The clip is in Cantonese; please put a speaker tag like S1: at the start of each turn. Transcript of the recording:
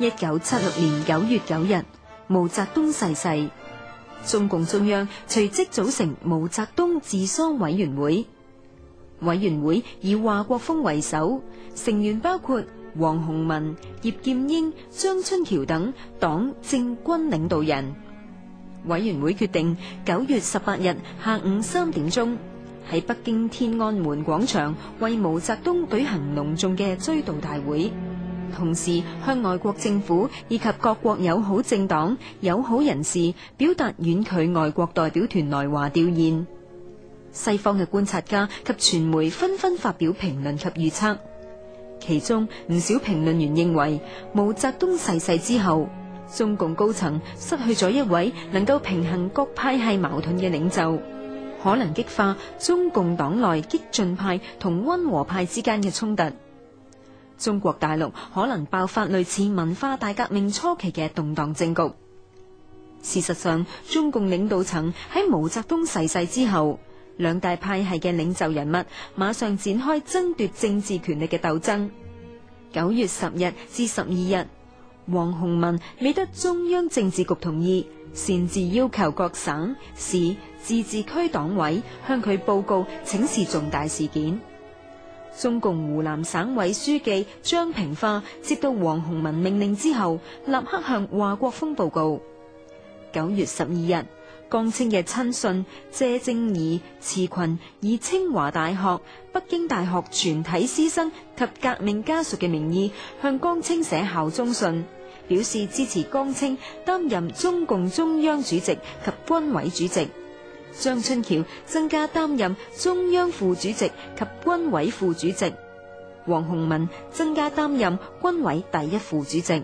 S1: 一九七六年九月九日，毛澤東逝世，世。中共中央隨即組成毛澤東治喪委員會，委員會以華國鋒為首，成員包括王洪文、葉劍英、張春橋等黨政軍領導人。委員會決定九月十八日下午三點鐘喺北京天安門廣場為毛澤東舉行隆重嘅追悼大會。同時，向外國政府以及各國友好政黨、友好人士表達婉拒外國代表團來華弔唁。西方嘅觀察家及傳媒紛紛發表評論及預測，其中唔少評論員認為，毛澤東逝世之後，中共高層失去咗一位能夠平衡各派系矛盾嘅領袖，可能激化中共黨內激進派同溫和派之間嘅衝突。中國大陸可能爆發類似文化大革命初期嘅動盪政局。事實上，中共領導層喺毛澤東逝世之後，兩大派系嘅領袖人物馬上展開爭奪政治權力嘅鬥爭。九月十日至十二日，王洪文未得中央政治局同意，擅自要求各省、市、自治區黨委向佢報告請示重大事件。中共湖南省委書記張平化接到王洪文命令之後，立刻向華國鋒報告。九月十二日，江青嘅親信謝靜宜、遲群以清華大學、北京大學全體師生及革命家屬嘅名義，向江青寫效忠信，表示支持江青擔任中共中央主席及軍委主席。張春橋增加擔任中央副主席及軍委副主席，王洪文增加擔任軍委第一副主席。